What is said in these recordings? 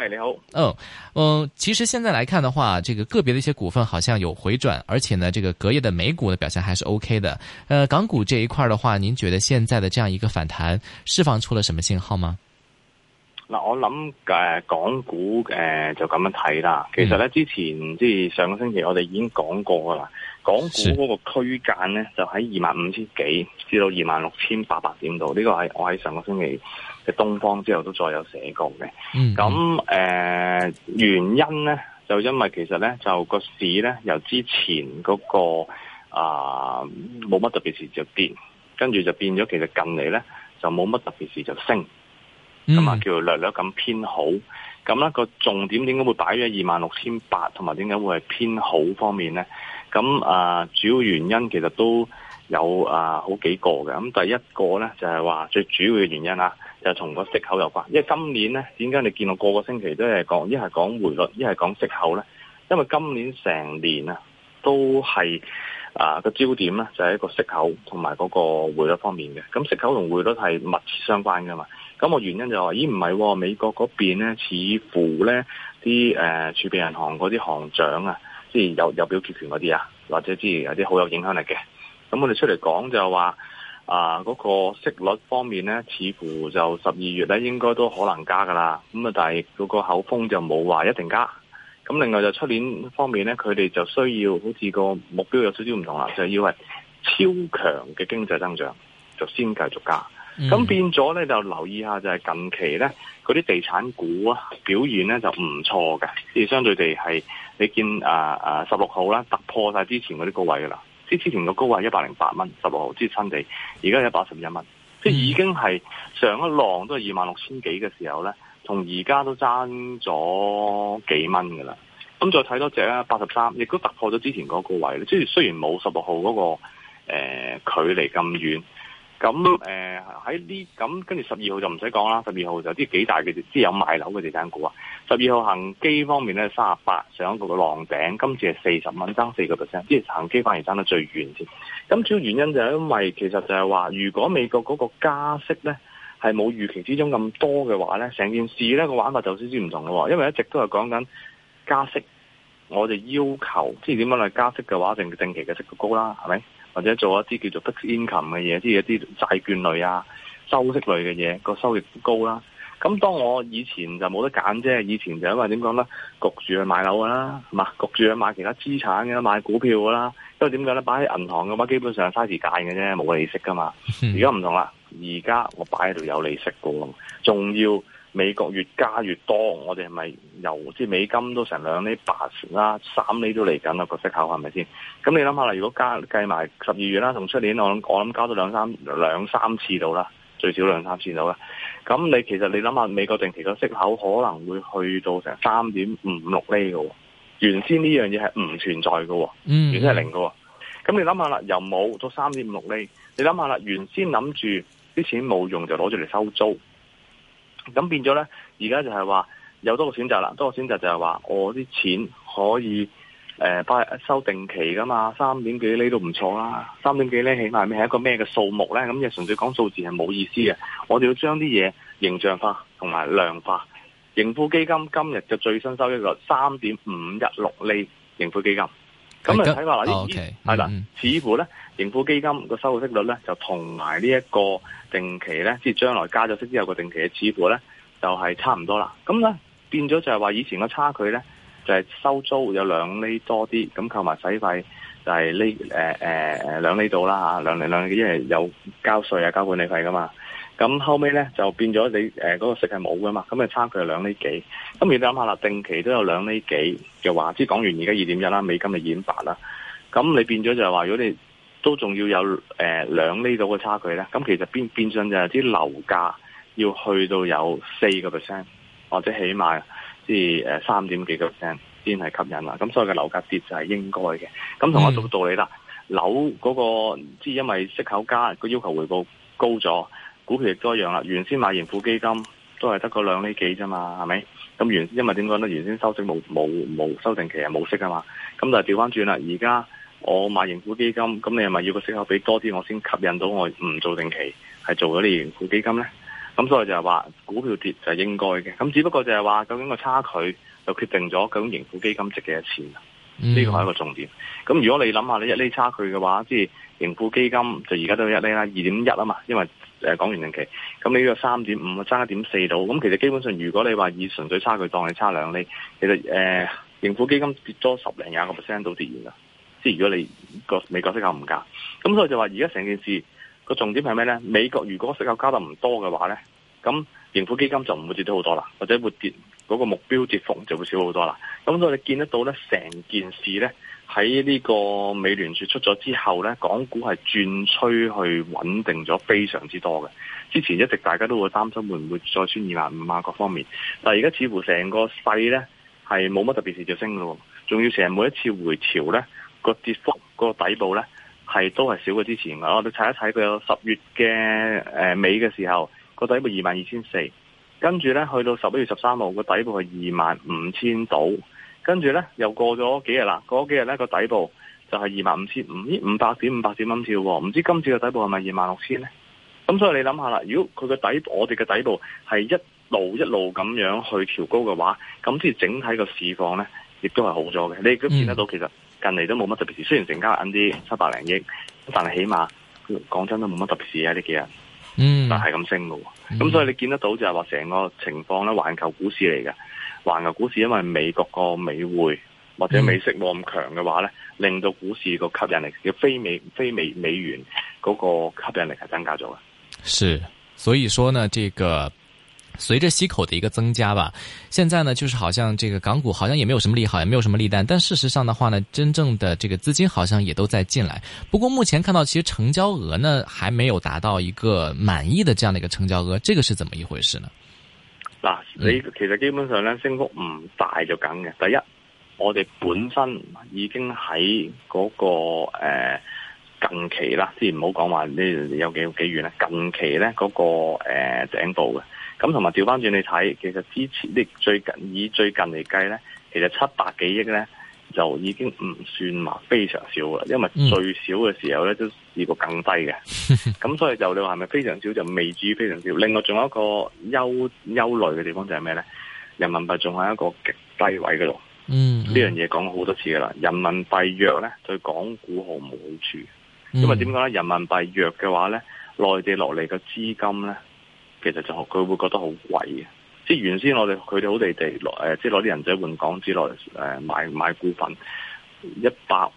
喂你好。哦，嗯，嗯，其實現在來看的話，這個個別的一些股份好像有回轉，而且呢，這個隔夜的美股的表現還是 OK 的。呃，港股這一塊的話，您覺得現在的這樣一個反彈，釋放出了什麼信號嗎？嗱，我諗誒，港股誒，呃，就咁樣睇啦。其實呢，之前即係上個星期我哋已經講過啦，港股嗰個區間呢就喺二萬五千幾至到二萬六千八百點度，呢個係我喺上個星期。東方之後都再有寫過嘅。咁、嗯、誒、呃、原因呢，就因為其實呢，就個市呢，由之前嗰、那個啊冇乜特別事就跌，跟住就變咗，其實近嚟呢，就冇乜特別事就升，咁啊叫略略咁偏好。咁、那、呢個重點點解會擺喺二萬六千八，同埋點解會係偏好方面呢？咁啊、呃、主要原因其實都有啊、呃、好幾個嘅。咁第一個呢，就係、是、話最主要嘅原因啦。就同個息口有關，因為今年呢，點解你見到個個星期都係講，一係講匯率，一係講息口呢？因為今年成年啊，都係啊個焦點呢，就係一個息口同埋嗰個匯率方面嘅。咁息口同匯率係密切相關噶嘛？咁我原因就話、是，咦唔係、哦，美國嗰邊呢，似乎呢啲誒、呃、儲備銀行嗰啲行長啊，即係有有表決權嗰啲啊，或者之前有啲好有影響力嘅，咁我哋出嚟講就係話。啊，嗰個息率方面咧，似乎就十二月咧，應該都可能加噶啦。咁啊，但係嗰個口風就冇話一定加。咁另外就出年方面咧，佢哋就需要好似個目標有少少唔同啦，就要係超強嘅經濟增長就先繼續加。咁變咗咧，就留意下就係近期咧，嗰啲地產股啊表現咧就唔錯嘅，即係相對地係你見啊啊十六號啦，突破晒之前嗰啲高位噶啦。啲之前個高位係一百零八蚊，十六號新地，而家一百十一蚊，即係已經係上一浪都係二萬六千幾嘅時候咧，同而家都爭咗幾蚊嘅啦。咁再睇多隻咧，八十三亦都突破咗之前嗰個高位，即係雖然冇十六號嗰個、呃、距離咁遠。咁誒，喺呢咁跟住十二號就唔使講啦，十二號就啲幾大嘅，即係有賣樓嘅地產股啊。十二號恒基方面咧，三十八上一個浪頂，今次係四十蚊，爭四個 percent，即係恒基反而爭得最遠先。咁主要原因就係因為其實就係話，如果美國嗰個加息咧係冇預期之中咁多嘅話咧，成件事咧，個玩法就少少唔同嘅。因為一直都係講緊加息，我哋要求即係點樣去加息嘅話，定定期嘅息就高啦，係咪？或者做一啲叫做 fixed income 嘅嘢，即係一啲債券類啊、收息類嘅嘢，個收益高啦。咁當我以前就冇得揀，啫，以前就因為點講咧，焗住去買樓噶啦，係嘛，焗住去買其他資產嘅，買股票噶啦。因為點解咧，擺喺銀行嘅話，基本上係嘥時間嘅啫，冇利息噶嘛。而家唔同啦，而家我擺喺度有利息㗎嘛，仲要。美國越加越多，我哋係咪由即係美金都成兩厘八啦，三厘都嚟緊啦，個息口係咪先？咁你諗下啦，如果加計埋十二月啦，同出年我諗我諗加咗兩三兩三次到啦，最少兩三次到啦。咁你其實你諗下，美國定期個息口可能會去到成三點五六厘喎。原先呢樣嘢係唔存在嘅，嗯嗯，原先係零喎。咁你諗下啦，又冇到三點五六厘？你諗下啦，原先諗住啲錢冇用就攞住嚟收租。咁變咗呢，而家就係話有多個選擇啦，多個選擇就係話我啲錢可以誒、呃，收定期噶嘛，三點幾釐都唔錯啦，三點幾釐起碼咪係一個咩嘅數目呢？咁就純粹講數字係冇意思嘅，我哋要將啲嘢形象化同埋量化。盈富基金今日嘅最新收一個三點五一六釐盈富基金。咁啊睇話嗱啲，係啦、哦 okay，嗯，似乎咧，盈富基金個收息率咧就同埋呢一個定期咧，即係將來加咗息之後個定期嘅似乎咧，就係、是、差唔多啦。咁咧變咗就係話以前個差距咧，就係、是、收租有兩厘多啲，咁扣埋使費就係呢、呃呃、兩厘度啦吓兩厘兩，因為有交稅啊，交管理費噶嘛。咁後尾咧就變咗你誒嗰、呃那個息係冇噶嘛，咁、那、啊、個、差距係兩厘幾。咁你諗下啦，定期都有兩厘幾嘅話，即係講完而家二點一啦，美金係二點八啦。咁你變咗就係話，如果你都仲要有誒兩厘到嘅差距咧，咁其實變變相就係啲樓價要去到有四個 percent，或者起碼即係誒三點幾個 percent 先係吸引啦。咁所以嘅樓價跌就係應該嘅。咁同我做道理啦，樓、嗯、嗰、那個即係因為息口加，個要求回報高咗。股票亦都一樣啦。原先買盈富基金都係得個兩厘幾啫嘛，係咪？咁原因為點講咧？原先收息冇冇冇收定期，係冇息噶嘛。咁就調翻轉啦。而家我買盈富基金，咁你係咪要個息口俾多啲，我先吸引到我唔做定期，係做咗啲盈富基金咧？咁所以就係話股票跌就應該嘅。咁只不過就係話究竟個差距就決定咗究竟盈富基金值幾多錢啊？呢個係一個重點。咁如果你諗下你一厘差距嘅話，即係盈富基金就而家都一厘啦，二點一啊嘛，因為。誒講完定期，咁你呢個三點五爭一點四度，咁其實基本上，如果你話以純粹差距當你差兩厘，其實誒盈富基金跌多十零廿個 percent 度跌完啦。即係如果你個美國息口唔加，咁所以就話而家成件事個重點係咩呢？美國如果息口加得唔多嘅話呢，咁盈富基金就唔會跌得好多啦，或者會跌。嗰、那個目標跌幅就會少好多啦。咁所以我哋見得到呢成件事呢，喺呢個美聯儲出咗之後呢，港股係轉趨去穩定咗非常之多嘅。之前一直大家都會擔心會唔會再穿二萬五啊，各方面。但係而家似乎成個勢呢，係冇乜特別事就升嘅喎。仲要成日每一次回調呢，個跌幅個底部呢，係都係少過之前嘅。我哋睇一睇佢有十月嘅誒尾嘅時候，個底部二萬二千四。跟住咧，去到十一月十三號個底部係二萬五千度，跟住咧又過咗幾日啦。過幾日咧個底部就係二萬五千五，呢五百點五百點咁跳喎。唔知今次嘅底部係咪二萬六千咧？咁所以你諗下啦，如果佢嘅底部，我哋嘅底部係一路一路咁樣去調高嘅話，咁即係整體個市況咧，亦都係好咗嘅。你亦都見得到，其實近嚟都冇乜特別事。雖然成交引啲七百零億，但係起碼講真都冇乜特別事啊！呢幾日嗯，但係咁升嘅咁、嗯、所以你見得到就係話成個情況咧，環球股市嚟嘅，環球股市，因為美國個美匯或者美息冇咁強嘅話咧，令、嗯、到股市個吸引力叫非美非美美元嗰個吸引力係增加咗嘅。是，所以說呢，這個。隨着息口的一個增加吧，現在呢，就是好像這個港股好像也沒有什麼利好，也沒有什麼利淡。但事實上的話呢，真正的這個資金好像也都在進來。不過目前看到其實成交額呢還沒有達到一個滿意的這樣的一個成交額，這個是怎麼一回事呢？嗱，你其實基本上呢，升幅唔大就咁嘅。第一，我哋本身已經喺嗰個誒近期啦，先唔好講話呢有幾幾遠咧。近期呢，嗰個誒頂部嘅。咁同埋調翻轉你睇，其實之前呢，最近以最近嚟計咧，其實七百幾億咧就已經唔算話非常少啦，因為最少嘅時候咧都試過更低嘅。咁、嗯、所以就你話係咪非常少就未至於非常少？另外仲有一個憂憂慮嘅地方就係咩咧？人民幣仲係一個極低位嗰度。嗯、呢、嗯、樣嘢講好多次噶啦。人民幣弱咧對港股毫無好處，嗯、因為點講咧？人民幣弱嘅話咧，內地落嚟嘅資金咧。其實就佢會覺得好貴嘅，即係原先我哋佢哋好地地攞誒、呃，即係攞啲人仔換港紙來誒、呃、買買股份，一百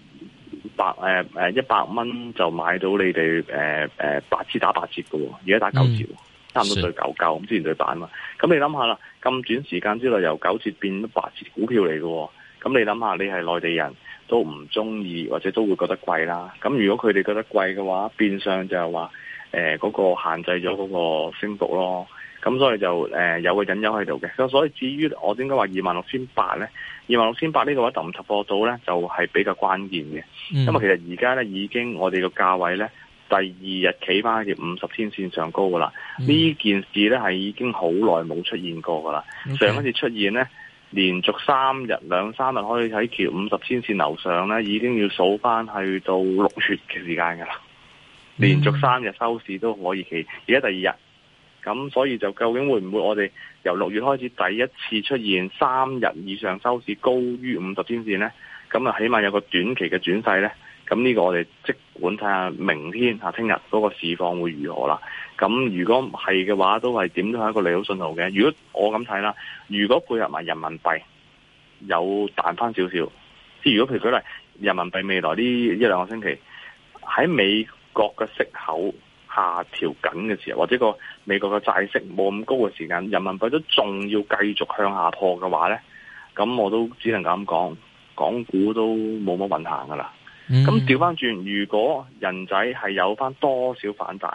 百誒誒、呃、一百蚊就買到你哋誒誒八折打八折嘅，而家打九折、嗯，差唔多對九九咁之前對八嘛。咁你諗下啦，咁短時間之內由九折變八折，股票嚟嘅，咁你諗下，你係內地人都唔中意或者都會覺得貴啦。咁如果佢哋覺得貴嘅話，變相就係話。誒、呃、嗰、那個限制咗嗰個升幅咯，咁所以就誒、呃、有個隱憂喺度嘅。咁所以至於我點解話二萬六千八咧？二萬六千八呢個位突唔突破到咧，就係、是、比較關鍵嘅、嗯。因為其實而家咧已經我哋個價位咧，第二日企翻喺條五十天線上高噶啦。呢、嗯、件事咧係已經好耐冇出現過噶啦。Okay. 上一次出現咧，連續三日兩三日可以喺條五十天線樓上咧，已經要數翻去到六月嘅時間噶啦。連續三日收市都可以企，而家第二日，咁所以就究竟會唔會我哋由六月開始第一次出現三日以上收市高於五十天線呢？咁啊，起碼有個短期嘅轉勢呢。咁呢個我哋即管睇下明天吓、聽日嗰個市況會如何啦。咁如果係嘅話，都係點都係一個利好信號嘅。如果我咁睇啦，如果配合埋人民幣有彈翻少少，即如果譬如舉例，人民幣未來呢一兩個星期喺美。美國嘅息口下調緊嘅時候，或者個美國嘅債息冇咁高嘅時間，人民幣都仲要繼續向下破嘅話呢，咁我都只能咁講，港股都冇乜運行噶啦。咁調翻轉，如果人仔係有翻多少反彈，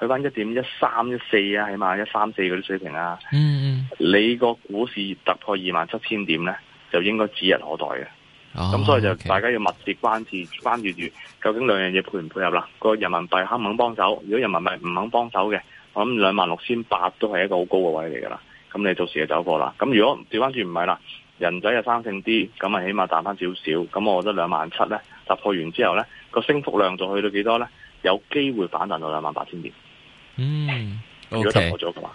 去翻一點一三一四啊，起碼一三四嗰啲水平啊，mm -hmm. 你個股市突破二萬七千點呢，就應該指日可待嘅。咁所以就大家要密切關注關注住，究竟兩樣嘢，配唔配合啦？個人民幣肯唔肯幫手？如果人民幣唔肯幫手嘅，我諗兩萬六千八都係一個好高嘅位嚟噶啦。咁你到時就走貨啦。咁如果調翻轉唔係啦，人仔又生性啲，咁啊起碼賺翻少少。咁我覺得兩萬七咧突破完之後咧，個升幅量就去到幾多咧？有機會反彈到兩萬八千點。嗯。O、okay, K，、okay,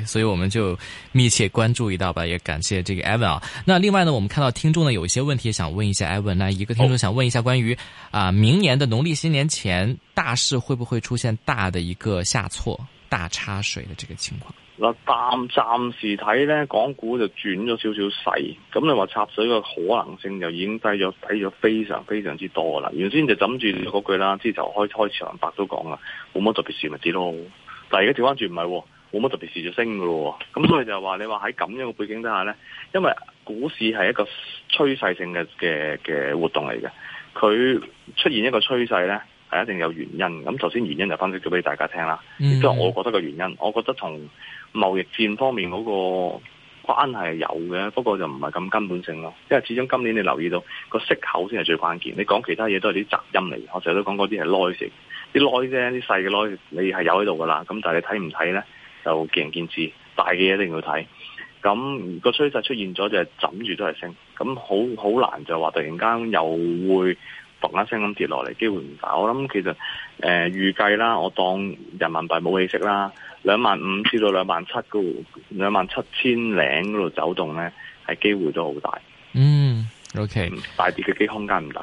okay, 所以我們就密切關注一道吧，也感謝這個 Evan 啊。那另外呢，我們看到聽眾呢有一些問題想問一下 Evan。那一個聽眾想問一下關於啊、哦、明年的農曆新年前大市會不會出現大的一個下挫、大插水的這個情況？嗱暫暫時睇呢，港股就轉咗少少細，咁你話插水嘅可能性就已經低咗，低咗非常非常之多啦。原先就諗住嗰句啦，即係就開開始文白都講啦，冇乜特別事咪得咯。但而家調翻轉唔係，冇乜特別持續升㗎喎、哦，咁所以就話你話喺咁樣嘅背景底下咧，因為股市係一個趨勢性嘅嘅嘅活動嚟嘅，佢出現一個趨勢咧係一定有原因。咁頭先原因就分析咗俾大家聽啦，亦都係我覺得個原因。我覺得同貿易戰方面嗰個關係係有嘅，不過就唔係咁根本性咯。因為始終今年你留意到個息口先係最關鍵，你講其他嘢都係啲雜音嚟。我成日都講嗰啲係 noise。啲耐啫，啲細嘅耐你係有喺度噶啦，咁但係你睇唔睇咧就見仁見智，大嘅嘢一定要睇。咁個趨勢出現咗就係枕住都係升，咁好好難就話突然間又會嘭一聲咁跌落嚟，機會唔大。我諗其實誒預計啦，我當人民幣冇起色啦，兩萬五至到兩萬七高，兩萬七千零嗰度走動咧係機會都好大。嗯，OK，大跌嘅機空間唔大。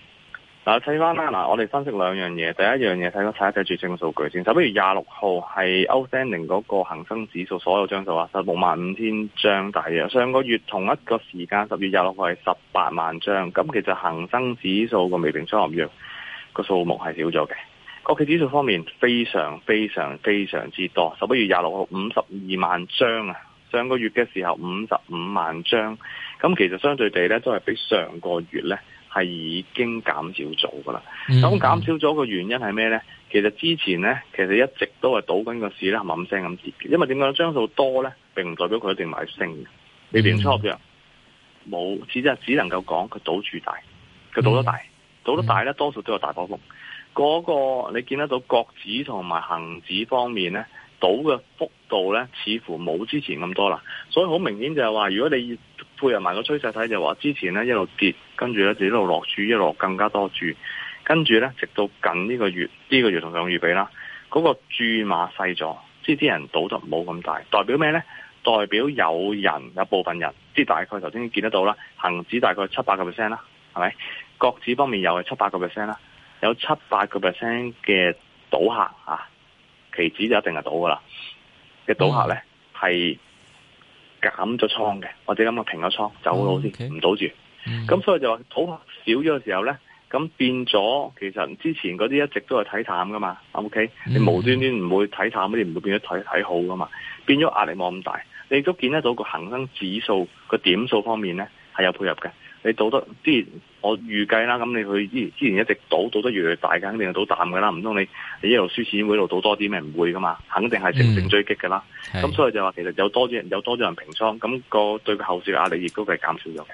嗱，睇翻啦，嗱，我哋分析兩樣嘢。第一樣嘢，睇我睇一睇住正嘅數據先。十一月廿六號係 outstanding 嗰個恆生指數所有張數啊，十六萬五千張大約。上個月同一個時間十月廿六號係十八萬張，咁其實恆生指數個未平倉合約個數目係少咗嘅。國企指數方面非常非常非常之多。十一月廿六號五十二萬張啊，上個月嘅時候五十五萬張，咁其實相對地咧都係比上個月咧。係已經減少咗噶啦，咁、嗯、減少咗個原因係咩呢？其實之前呢，其實一直都係倒緊個市咧，冇咁聲咁跌，因為點解張數多呢？並唔代表佢一定買升，你，嗯、連初約冇，只只能夠講佢賭住大，佢賭得大，賭，嗯、得大呢，嗯、多數都有大波幅。嗰，那個你見得到國指同埋恒指方面呢，倒嘅幅度呢，似乎冇之前咁多啦。所以好明顯就係話，如果你配合埋個趨勢睇，就話之前呢一路跌。跟住咧，就一路落注，一路更加多注，跟住咧，直到近呢個月，呢、這個月同上月比啦，嗰、那個注碼細咗，即係啲人賭得冇咁大，代表咩咧？代表有人，有部分人，即係大概頭先見得到啦，恒指大概七八個 percent 啦，係咪？國指方面又係七八個 percent 啦，有七八個 percent 嘅賭客啊，期指就一定係賭噶啦，嘅、嗯、賭客咧係減咗倉嘅，或者咁嘅平咗倉，走咗先，唔、嗯 okay. 賭住。咁、 嗯嗯、所以就話好少咗嘅時候咧，咁變咗其實之前嗰啲一直都係睇淡噶嘛，O、okay? K，、嗯、你無端端唔會睇淡，嗰啲唔會變咗睇睇好噶嘛，變咗壓力冇咁大。你都見得到個恒生指數個點數方面咧係有配合嘅，你賭得之前我預計啦。咁你去之之前一直賭賭得越嚟越大，梗肯定係賭淡噶啦。唔通你你一路輸錢會一路賭多啲咩？唔會噶嘛，肯定係乘勝追擊噶啦。咁、嗯嗯、所以就話其實有多人有多人平倉，咁、那個對個後市嘅壓力亦都係減少咗嘅。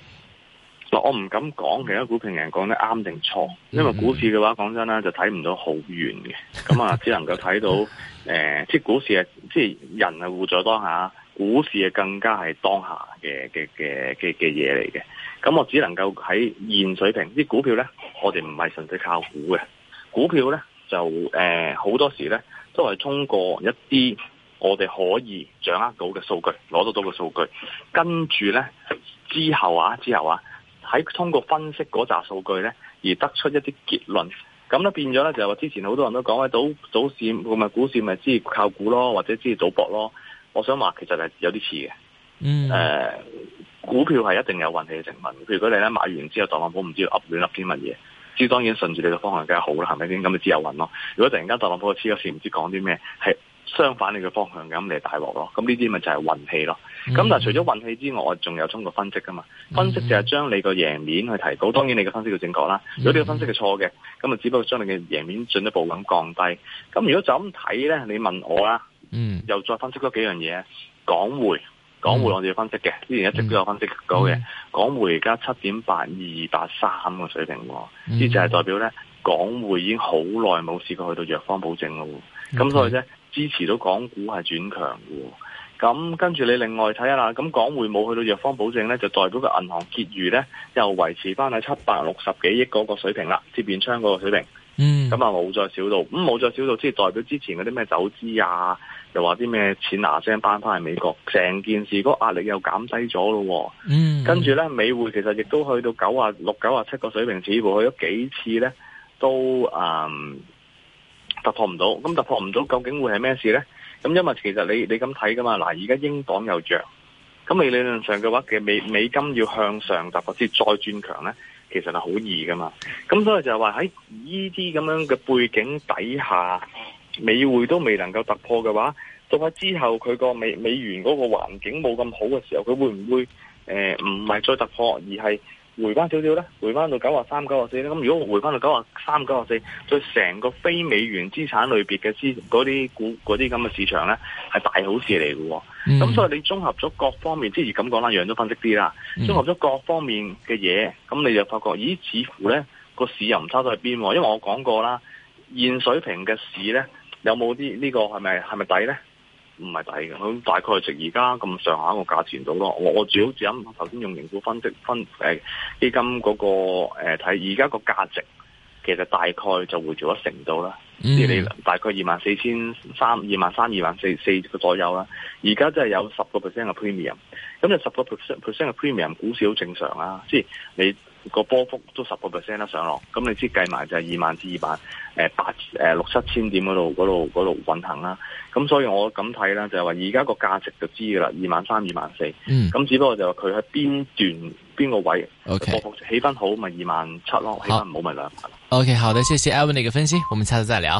嗱，我唔敢講其他股評人講得啱定錯，因為股市嘅話講真啦，就睇唔到好遠嘅，咁啊只能夠睇到誒、呃，即係股市啊，即係人係活在當下，股市係更加係當下嘅嘅嘅嘅嘅嘢嚟嘅。咁我只能夠喺現水平啲股票咧，我哋唔係純粹靠估嘅股票咧，就誒好、呃、多時咧都係通過一啲我哋可以掌握到嘅數據攞得到嘅數據，跟住咧之後啊，之後啊。喺通過分析嗰紮數據咧，而得出一啲結論，咁咧變咗咧就係話之前好多人都講咧，賭賭市咪股市咪只係靠股咯，或者只係賭博咯。我想話其實係有啲似嘅，誒、嗯呃、股票係一定有運氣嘅成分。譬如講你咧買完之後，特朗普唔知要亂噏啲乜嘢，即當然順住你個方向梗係好啦，係咪先？咁咪只有運咯。如果突然間特朗普黐個線唔知講啲咩，係。相反你嘅方向咁你大鑊咯，咁呢啲咪就係運氣咯。咁、嗯、但係除咗運氣之外，我仲有通過分析噶嘛，分析就係將你個贏面去提高。當然你嘅分析要正確啦。如果呢個分析係錯嘅，咁啊只不過將你嘅贏面進一步咁降低。咁如果就咁睇咧，你問我啦，嗯，又再分析多幾樣嘢。港匯，港匯我哋要分析嘅，之前一直都有分析到嘅。嗯。港匯而家七點八二八三嘅水平喎，呢、嗯、就係代表咧港匯已經好耐冇試過去到弱方保證咯。咁所以咧。支持到港股係轉強嘅，咁跟住你另外睇下啦。咁港匯冇去到藥方保證咧，就代表個銀行結餘咧又維持翻喺七百六十幾億嗰個水平啦，接便槍嗰個水平。嗯，咁啊冇再少到，咁、嗯、冇再少到，即係代表之前嗰啲咩走資啊，又話啲咩錢拿聲搬翻去美國，成件事嗰壓力又減低咗咯。嗯，跟住咧，美匯其實亦都去到九啊六、九啊七個水平，似乎去咗幾次咧都啊。嗯突破唔到，咁突破唔到，究竟會係咩事呢？咁因為其實你你咁睇噶嘛，嗱，而家英鎊又弱，咁你理論上嘅話，嘅美美金要向上突破先再轉強呢，其實係好易噶嘛。咁所以就係話喺呢啲咁樣嘅背景底下，美匯都未能夠突破嘅話，到咗之後佢個美美元嗰個環境冇咁好嘅時候，佢會唔會誒唔係再突破而係？回翻少少咧，回翻到九啊三、九啊四咧。咁如果回翻到九啊三、九啊四，再成個非美元資產類別嘅嗰啲股嗰啲咁嘅市場咧，係大好事嚟嘅、哦。咁、嗯、所以你綜合咗各方面，即係咁講啦，楊總分析啲啦、嗯，綜合咗各方面嘅嘢，咁你就發覺咦，似乎咧個市又唔差到去邊？因為我講過啦，現水平嘅市咧有冇啲、這個、呢個係咪係咪底咧？唔係抵嘅，咁大概值而家咁上下個價錢到咯。我我主要就咁頭先用盈富分析分誒、呃、基金嗰、嗰個睇，而家個價值其實大概就回咗一成度啦。即係。Mm-hmm. 大概二萬四千三、二萬三、二萬四四個左右啦。而家真係有十個 percent 嘅 premium，咁就十個 percent percent 嘅 premium 股市好正常啦、啊。即係你。個波幅都十個 percent 啦上落，咁你知計埋就係二萬至二萬，誒八誒六七千點嗰度嗰度嗰度運行啦，咁所以我咁睇啦，就係話而家個價值就知噶啦，二萬三二萬四、嗯，咁只不過就話佢喺邊段邊、嗯、個位，okay. 波幅起翻好咪二萬七咯，起翻唔好咪兩萬。O、okay, K 好的，謝謝 Ivan 嘅分析，我們下次再聊。